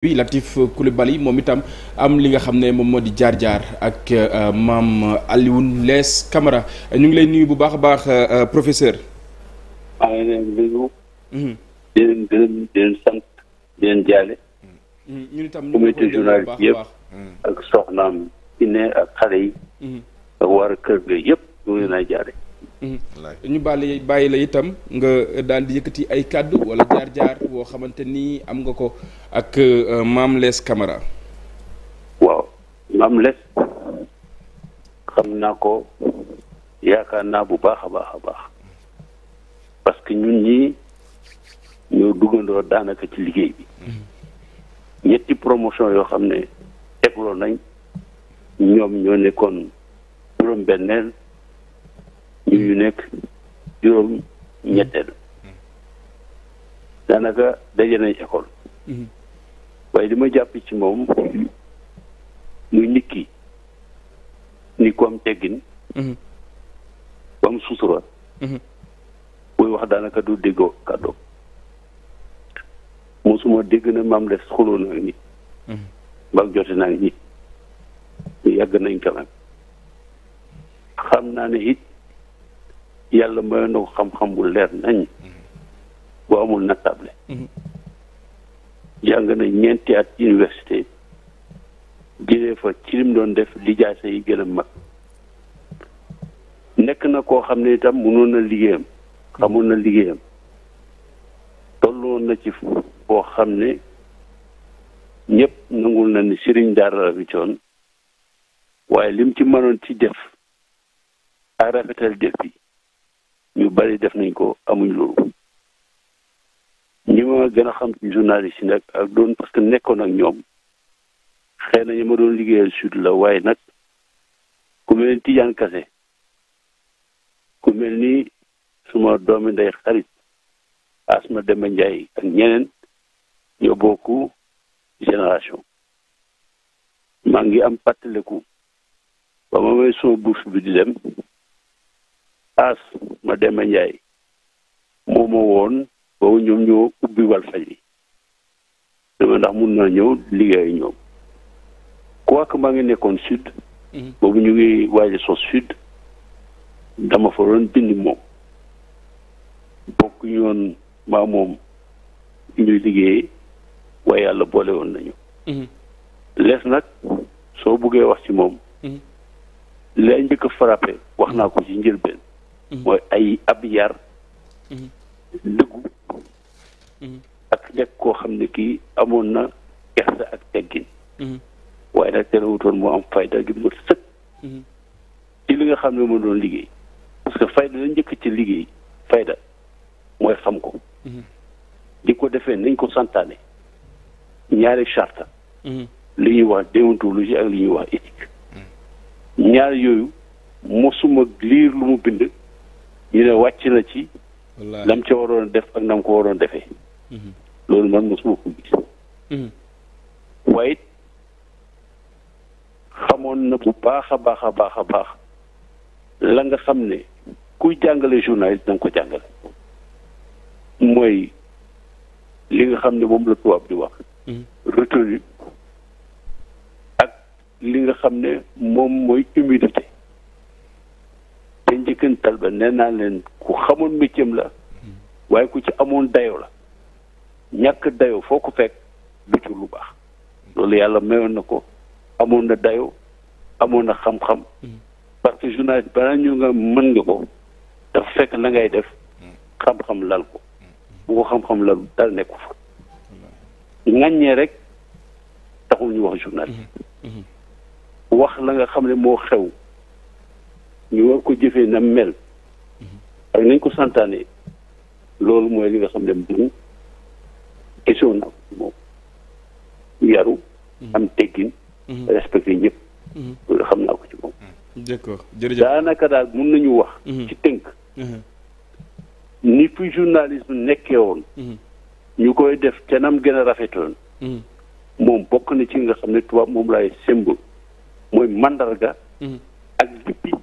bi Latif Coulibaly moom itam am li nga xam ne moom moo di jaar-jaar ak euh, maam Alioune Less Camara ñu ngi lay nuyu bu baax a baax euh, professeur. maa ngi leen mhm. jaale. Mhm. ñu itam ñu ngi koy journaliste yëpp mhm. ak soxnaam Ine ak xale yi. ak waa kër ga yëpp ñu ngi lay jaale. ñu bàyyi bàyyi la itam nga daan di yëkkati ay kàddu wala jaar-jaar woo xamante nii am nga ko ak euh, maam les kamara waaw Mame Less xam naa ko yaakaar naa bu baax a baax a baax parce que ñun ñu ñoo duggandoo daanaka ci liggéey bi mm-hmm. ñetti promotion yoo xam ne tegloon nañ ñoom ñoo nekkoon juróom-benneel. ñu ñu nekk juróom ñetteel daanaka daje nañ école mhm. waaye li ma jàpp ci moom muy nit ki nit ku am teggin mhm. ku am sutura buy mhm. wax daanaka du déggoo kàddoom mosuma dégg na maam des xuloo na ak nit jote naa nit ñu yàgg nañ kanam xam naa ne it yàlla may na ko xam-xam bu leer nañ bu amul natable mhm. jàng na ñeenti at université jëlee fa ci lim doon def lijaase yi gën mag nekk na koo xam ne itam mënoon na liggéeyam xamoon na liggéeyam tolloon na ci koo xam ne ñépp nangul na ni sëriñ daara la fi coon waaye lim ci mënoon ci def a rafetal def bi ñu bari def nañ ko amuñ loolu ñi ma gën a xam ci journaliste yi nag ak doon parce que nekkoon ak ñoom xëy na ñu ma doon liggéeyal sud la waaye nag ku mel ni Tidiane Kase ku mel ni suma doomi ndey xarit Asma Demba Ndiaye ak ñeneen ñoo bokk génération maa ngi am pàttaliku ba ma may suma bourse bi di dem as ma Demba Njaay moom moo woon boobu ñoom ñoo ubbi Walfadjri dama ndax ñëw liggéey ñoom maa ngi nekkoon sud mhm. boobu ñu ngi waaji sos dama fa doon bind moom bokk ñoon moom ñuy liggéey waaye yàlla boole woon nañu mhm. lees nag soo buggee wax ci moom mhm. lay njëkk frappé wax naa ko ci njëlbeen Mhm. mooy ay ab yar mhm. dëggu mhm. ak nekk koo xam ne kii amoon na kersa ak teggin waaye nag terewutoon moo am fayda gi sëkk ci li nga xam ne moo doon liggéey parce que fayda la njëkk ci liggéey fayda mooy xam ko di ko defee nañ ko santaane ñaari charte li ñuy wax déontologie ak li ñuy wax éthique ñaar yooyu mosuma liir lu mu bind ñu ne wàcc na ci. wallaahi lam ca waroon def ak nam ko waroon defee. Mhm. loolu man mosuma ko gis. Mhm. waaye xamoon na bu baax a baax a baax a baax la nga xam ne kuy jàngale journaliste da ko jàngale. mooy li nga xam ne moom la tubaab di wax. Mhm. retenue ak li nga xam ne moom mooy humilité. dëkkantal ba neen naa leen ku xamoon métier la waaye ku ci amoon dayo la ñàkk dayo foo ko fekk bu ci lu baax loolu yàlla mayoon na ko amoon na dayo amoon na xam-xam parce que journaliste balaa ñu nga mën nga ko dafa fekk la ngay def xam-xam lal ko bu ko xam-xam lal dal nekku fa ŋàññee rek taxul ñu wax journaliste mm-hmm. Mm-hmm. wax la nga xam ne moo xew ñu war ko jëfee na mel ak nañ ko santaane loolu mooy li nga xam ne moom question na moom yaru mm-hmm. am teggin mm-hmm. respecté ñëpp mm-hmm. loolu xam naa ko ci moom d'accord jërëjëf daanaka daal mun nañu wax ci tënk ni fi journalisme nekkee woon ñu koy def te nam gën a rafetoon moom bokk na ci nga xam ne tubaab moom laay symbole mooy mandarga ak jëppi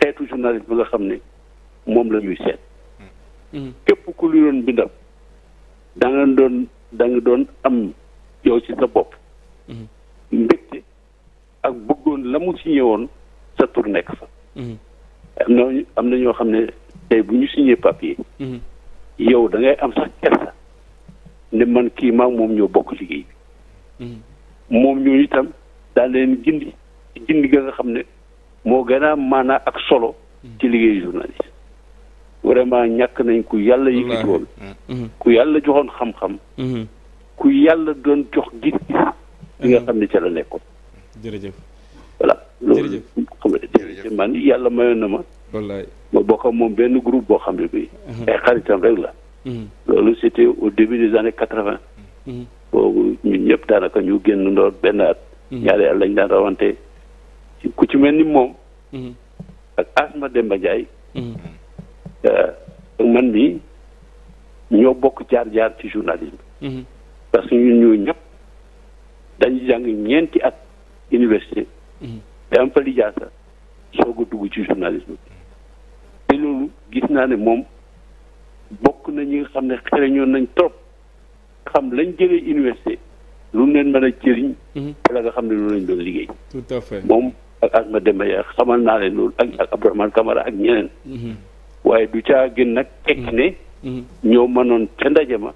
xeetu journaliste bi nga xam ne moom la ñuy seet. Mm-hmm. képp ku lu doon bindam da doon da doon am yow ci sa bopp. Mm-hmm. mbégte ak bëggoon la mu signé woon sa tur nekk fa. Mm-hmm. am na am na ñoo xam ne tey bu ñu signé papier. yow da ngay am sax kersa ne man kii maa moom ñoo bokk liggéey bi. moom ñooñu itam daa leen gindi gindi ga nga xam ne. moo gën a maanaa ak solo ci liggéey journaliste vraiment ñàkk nañ ku yàlla yëkkati woon mm. mm-hmm. ku yàlla joxoon xam-xam mm-hmm. ku yàlla doon jox gis nga mm. xam ne ca la nekkoon jërëjëf voilà loolu nga man yàlla mayoon na ma wallaay ma bokk moom benn groupe boo xam ne bi mm-hmm. ay xaritam rek la loolu c'était au début des années quatre-vingt boobu ñun ñëpp daanaka ñu génn ndoor benn at ñaari at lañ daan rawante ku ci mel ni moom. Mhm. ak Asma Demba Ndiaye. Mhm. Euh, ak man mii ñoo bokk jaar-jaar ci journalisme. Mhm. parce que ñun ñoo ñëpp dañuy jàng ñeenti at université. te am fa lijaasa soog a dugg ci journalisme te loolu gis naa ne moom bokk na ñi nga xam ne xereñoon nañ trop xam lañ jëlee université lu leen mën a jëriñ. wala nga xam ne loolu lañ doon liggéey. moom. ak Asma Demba ya xamal naa leen loolu ak ak Abdourahmane ak ñeneen. Mhm. waaye du caa gën nag. tekki mhm. ne. Mhm. ñoo mënoon ca ndaje ma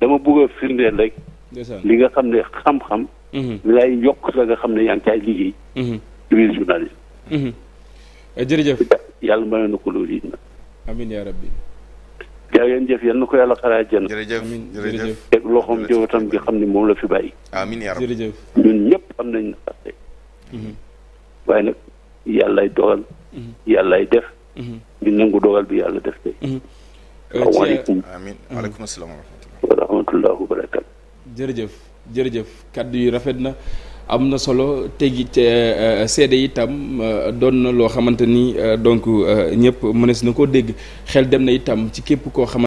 dama bëgg a firndeel rek. li nga xam ne xam-xam. li lay yokk la nga xam ne yaa ngi caay liggéey. ci eh, ngeen jëf yal na ko yàlla xaraa jën. jërëjëf jërëjëf teg loxoom xam ne moom la fi bàyyi. amiin yaa rabbi jërëjëf. ñun ñëpp am nañu naqare. waaye nag yàllaay dogal. Mm-hmm. yàllaay def. Mm-hmm. ñu nangu dogal bi yàlla def tey. Mm-hmm. asalaamaaleykum amiin waaleykum salaam wa rahmatulah rafet na. am na solo tegi eh, eh, seede itam eh, doon na loo xamante ni donc ñëpp mënees na koo dégg xel dem na itam ci képp koo xamante